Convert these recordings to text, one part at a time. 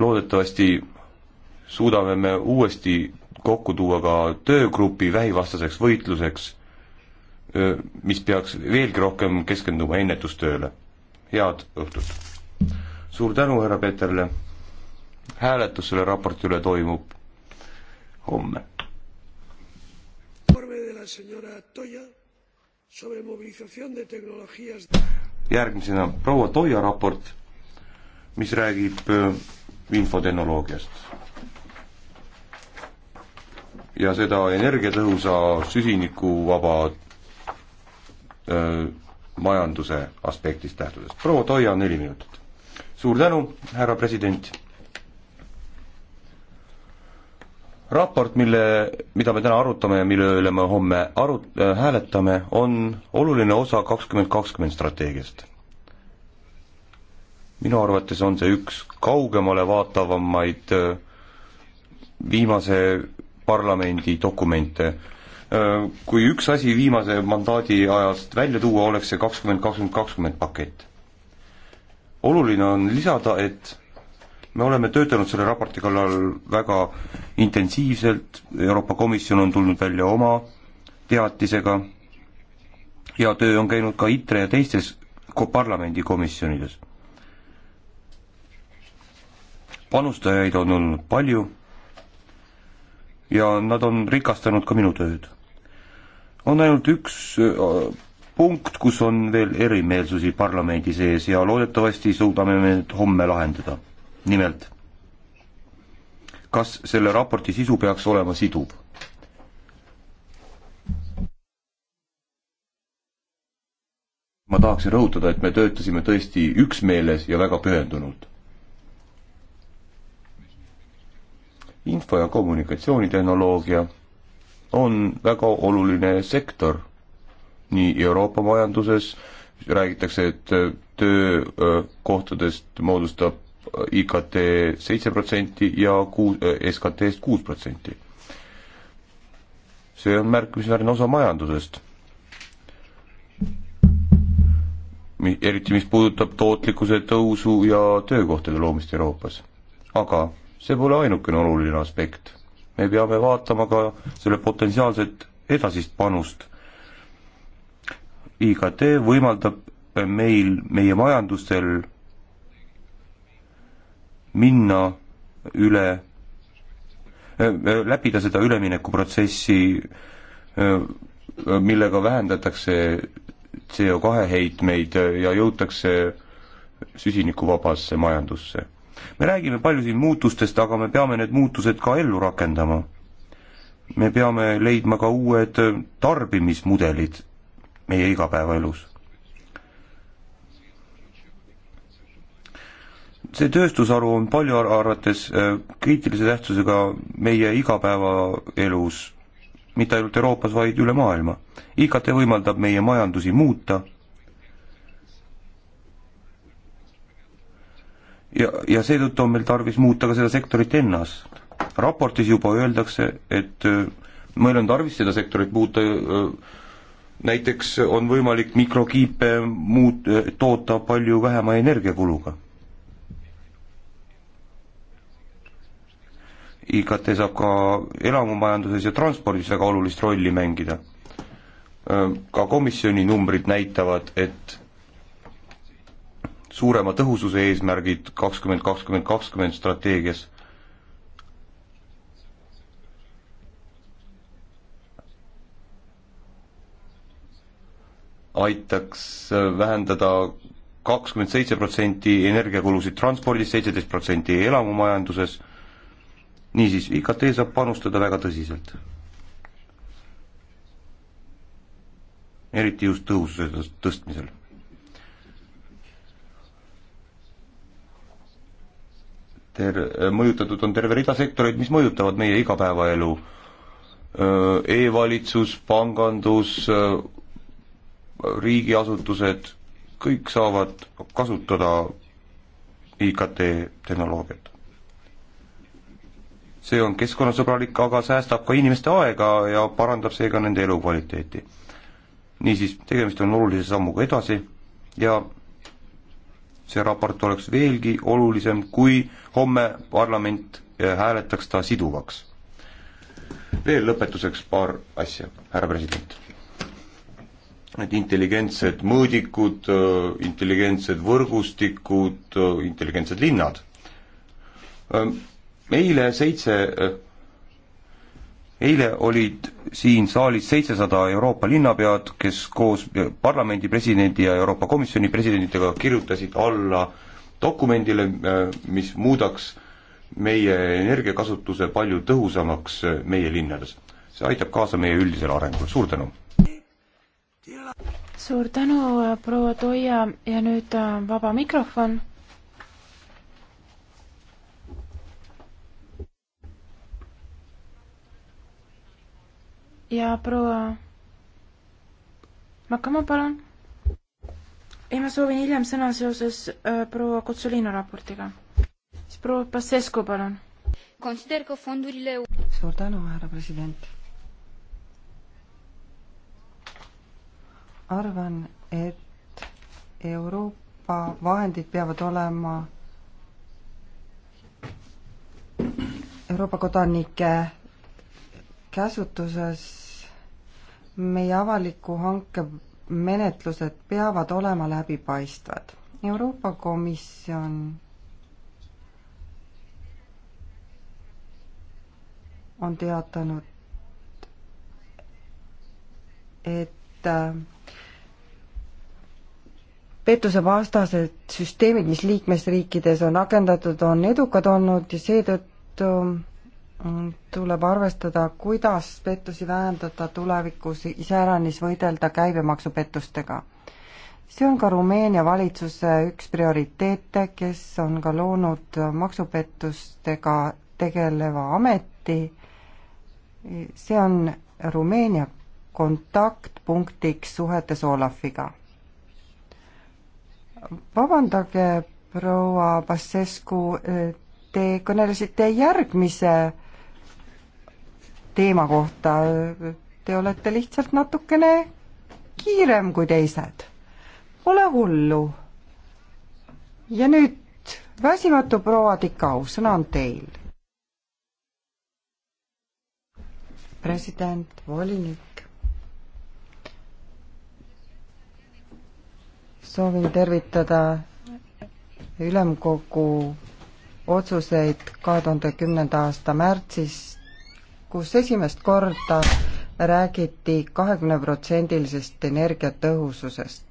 loodetavasti suudame me uuesti kokku tuua ka töögrupi vähivastaseks võitluseks, mis peaks veelgi rohkem keskenduma ennetustööle. head õhtut! suur tänu härra Peterle, hääletus selle raporti üle toimub homme. järgmisena proua Toia raport, mis räägib infotehnoloogiast. ja seda energiatõhusa süsinikuvaba öö, majanduse aspektist lähtudes. proua Toia, neli minutit. suur tänu, härra president. raport, mille, mida me täna arutame ja mille üle me homme arut- äh,, hääletame, on oluline osa kakskümmend kakskümmend strateegiast minu arvates on see üks kaugemale vaatavamaid äh, viimase parlamendi dokumente. Äh, kui üks asi viimase mandaadi ajast välja tuua, oleks see kakskümmend, kakskümmend, kakskümmend pakett. oluline on lisada, et me oleme töötanud selle raporti kallal väga intensiivselt, Euroopa Komisjon on tulnud välja oma teatisega ja töö on käinud ka ITRE ja teistes parlamendikomisjonides panustajaid on olnud palju ja nad on rikastanud ka minu tööd. on ainult üks äh, punkt, kus on veel erimeelsusi parlamendi sees ja loodetavasti suudame me need homme lahendada. nimelt, kas selle raporti sisu peaks olema siduv? ma tahaksin rõhutada, et me töötasime tõesti üksmeeles ja väga pühendunult info- ja kommunikatsioonitehnoloogia on väga oluline sektor nii Euroopa majanduses, räägitakse, et töökohtadest moodustab äh, IKT seitse protsenti ja kuu-, äh, SKT-st kuus protsenti. see on märkimisväärne osa majandusest. eriti, mis puudutab tootlikkuse tõusu ja töökohtade loomist Euroopas. aga see pole ainukene oluline aspekt. me peame vaatama ka selle potentsiaalset edasist panust. IKT võimaldab meil, meie majandustel minna üle, läbida seda üleminekuprotsessi, millega vähendatakse CO2 heitmeid ja jõutakse süsinikuvabasse majandusse me räägime palju siin muutustest, aga me peame need muutused ka ellu rakendama. me peame leidma ka uued äh, tarbimismudelid meie igapäevaelus. see tööstusharu on palju arvates äh, kriitilise tähtsusega meie igapäevaelus, mitte ainult Euroopas, vaid üle maailma. IKT võimaldab meie majandusi muuta ja, ja seetõttu on meil tarvis muuta ka seda sektorit ennast. raportis juba öeldakse, et äh, meil on tarvis seda sektorit muuta, äh, näiteks on võimalik mikrokiipe muut-, äh, toota palju vähema energiakuluga. IKT saab ka elamumajanduses ja transpordis väga olulist rolli mängida. Ka komisjoni numbrid näitavad, et suurema tõhususe eesmärgid kakskümmend kakskümmend kakskümmend strateegias. aitaks vähendada kakskümmend seitse protsenti energiakulusid transpordis, seitseteist protsenti elamumajanduses, niisiis, IKT saab panustada väga tõsiselt. eriti just tõhususe tõstmisel ter-, mõjutatud on terve rida sektoreid, mis mõjutavad meie igapäevaelu e. E-valitsus, pangandus, riigiasutused, kõik saavad kasutada IKT tehnoloogiat. see on keskkonnasõbralik, aga säästab ka inimeste aega ja parandab seega nende elukvaliteeti. niisiis, tegemist on olulise sammuga edasi ja see raport oleks veelgi olulisem, kui homme parlament eh, hääletaks ta siduvaks. veel lõpetuseks paar asja, härra president. et intelligentsed mõõdikud, eh, intelligentsed võrgustikud, eh, intelligentsed linnad. Ehm, eile seitse eile olid siin saalis seitsesada Euroopa linnapead, kes koos parlamendi presidendi ja Euroopa Komisjoni presidentidega kirjutasid alla dokumendile, mis muudaks meie energiakasutuse palju tõhusamaks meie linnades. see aitab kaasa meie üldisele arengule, suur tänu! suur tänu, proua Toia ja nüüd äh, vaba mikrofon ja proua Makama, palun. ei, ma soovin hiljem sõna seoses äh, proua Kutsuliino raportiga. siis proua Pasescu, palun. Fondurile... suur tänu, härra president. arvan, et Euroopa vahendid peavad olema Euroopa kodanike käsutuses meie avaliku hanke menetlused peavad olema läbipaistvad. Euroopa Komisjon on teatanud, et äh, pettusevastased süsteemid, mis liikmesriikides on rakendatud, on edukad olnud ja seetõttu Mm, tuleb arvestada, kuidas pettusi vähendada tulevikus, iseäranis võidelda käibemaksupettustega. see on ka Rumeenia valitsuse üks prioriteete, kes on ka loonud maksupettustega tegeleva ameti. see on Rumeenia kontaktpunktiks suhetes Olafiga. vabandage, proua Basescu, te kõnelesite järgmise teema kohta. Te olete lihtsalt natukene kiirem kui teised. Pole hullu. ja nüüd väsimatu proua Tikau, sõna on teil. president, volinik. soovin tervitada ülemkogu otsuseid kahe tuhande kümnenda aasta märtsist kus esimest korda räägiti kahekümneprotsendilisest energiatõhususest.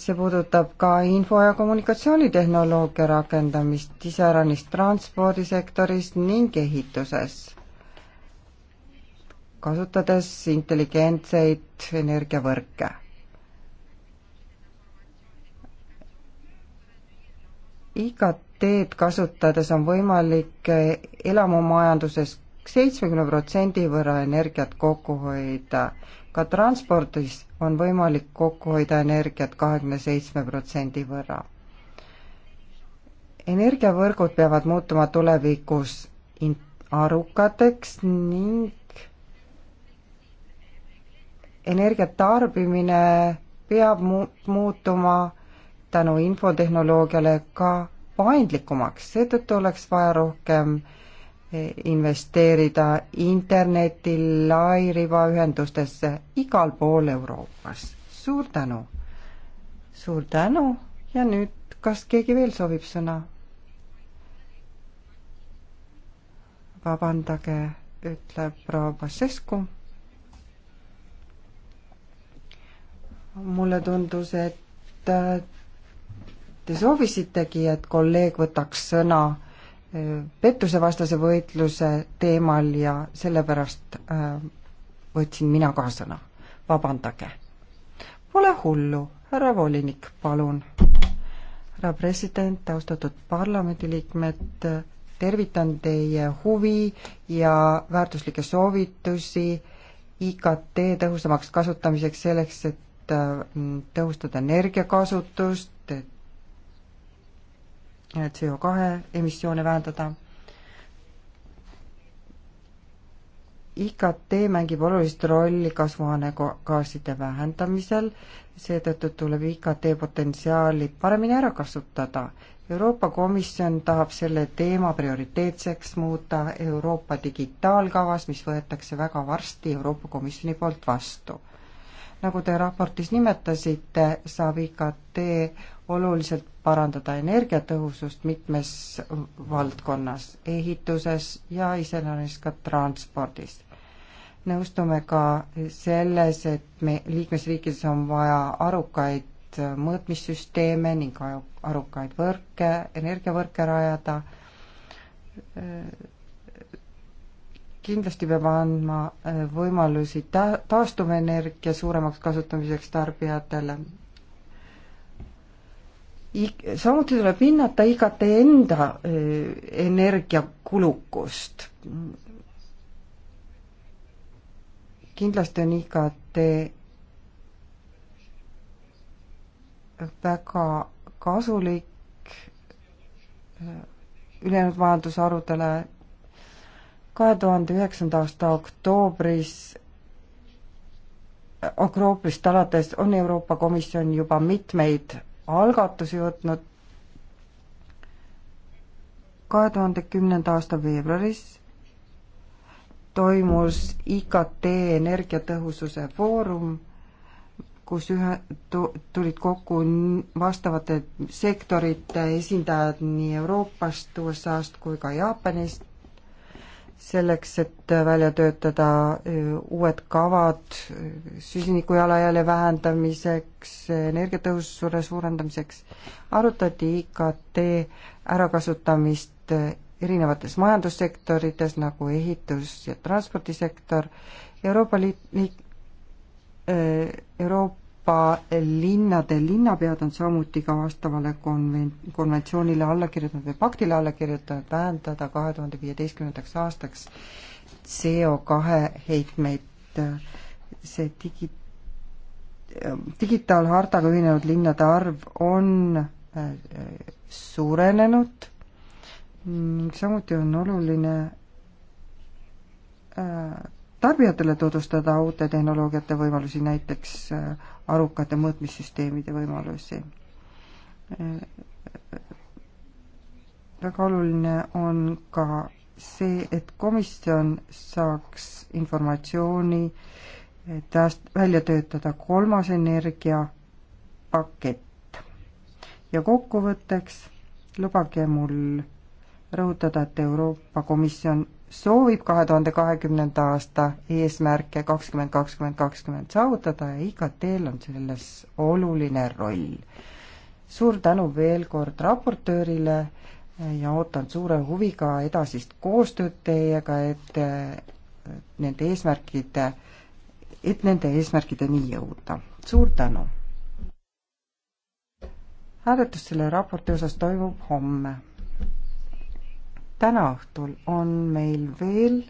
see puudutab ka info- ja kommunikatsioonitehnoloogia rakendamist iseäranis transpordisektoris ning ehituses, kasutades intelligentseid energiavõrke igat teed kasutades on võimalik elamumajanduses seitsmekümne protsendi võrra energiat kokku hoida. ka transpordis on võimalik kokku hoida energiat kahekümne seitsme protsendi võrra. energiavõrgud peavad muutuma tulevikus in-, arukateks ning energia tarbimine peab mu-, muutuma tänu infotehnoloogiale ka paindlikumaks, seetõttu oleks vaja rohkem eh, investeerida interneti lairibaühendustesse igal pool Euroopas. suur tänu! suur tänu ja nüüd, kas keegi veel soovib sõna? vabandage, ütleb proua Basescu. mulle tundus, et Te soovisitegi, et kolleeg võtaks sõna äh, pettusevastase võitluse teemal ja sellepärast äh, võtsin mina ka sõna. vabandage. Pole hullu, härra volinik, palun. härra president, austatud parlamendiliikmed, tervitan teie huvi ja väärtuslikke soovitusi IKT tõhusamaks kasutamiseks selleks, et äh, tõhustada energiakasutust, et CO2 emissioone vähendada. IKT mängib olulist rolli kasvuhoonegaaside vähendamisel, seetõttu tuleb IKT potentsiaali paremini ära kasutada. Euroopa Komisjon tahab selle teema prioriteetseks muuta Euroopa digitaalkavas, mis võetakse väga varsti Euroopa Komisjoni poolt vastu nagu te raportis nimetasite, saab IKT oluliselt parandada energiatõhusust mitmes valdkonnas, ehituses ja iseäranis ka transpordis. nõustume ka selles, et me liikmesriikides on vaja arukaid mõõtmissüsteeme ning arukaid võrke, energiavõrke rajada, kindlasti peab andma äh, võimalusi ta-, taastuvenergia suuremaks kasutamiseks tarbijatele. I-, samuti tuleb hinnata IKT enda äh, energiakulukust. kindlasti on IKT väga kasulik äh, ülejäänud majandusharudele kahe tuhande üheksanda aasta oktoobris, oktoobrist alates on Euroopa Komisjon juba mitmeid algatusi võtnud. kahe tuhande kümnenda aasta veebruaris toimus IKT energiatõhususe foorum, kus ühe, tulid kokku vastavate sektorite esindajad nii Euroopast, USA-st kui ka Jaapanist selleks, et välja töötada äh, uued kavad äh, süsiniku jalajälje vähendamiseks, energiatõhususe suurendamiseks, arutati IKT ärakasutamist äh, erinevates majandussektorites nagu ehitus- ja transpordisektor, Euroopa Liit, Euroopa Euroopa linnade linnapead on samuti ka vastavale konven-, konventsioonile alla kirjutanud või paktile alla kirjutanud vähendada kahe tuhande viieteistkümnendaks aastaks CO kahe heitmeid. see digi-, digitaalhartaga ühinenud linnade arv on äh, suurenenud ning samuti on oluline äh, tarbijatele tutvustada uute tehnoloogiate võimalusi, näiteks äh, arukate mõõtmissüsteemide võimalusi. väga oluline on ka see, et komisjon saaks informatsiooni, et välja töötada kolmas energiapakett. ja kokkuvõtteks lubage mul rõhutada, et Euroopa Komisjon soovib kahe tuhande kahekümnenda aasta eesmärke kakskümmend kakskümmend kakskümmend saavutada ja IKT-l on selles oluline roll. suur tänu veel kord raportöörile ja ootan suure huviga edasist koostööd teiega, et nende eesmärkide, et nende eesmärkideni jõuda. suur tänu! hääletus selle raporti osas toimub homme täna õhtul on meil veel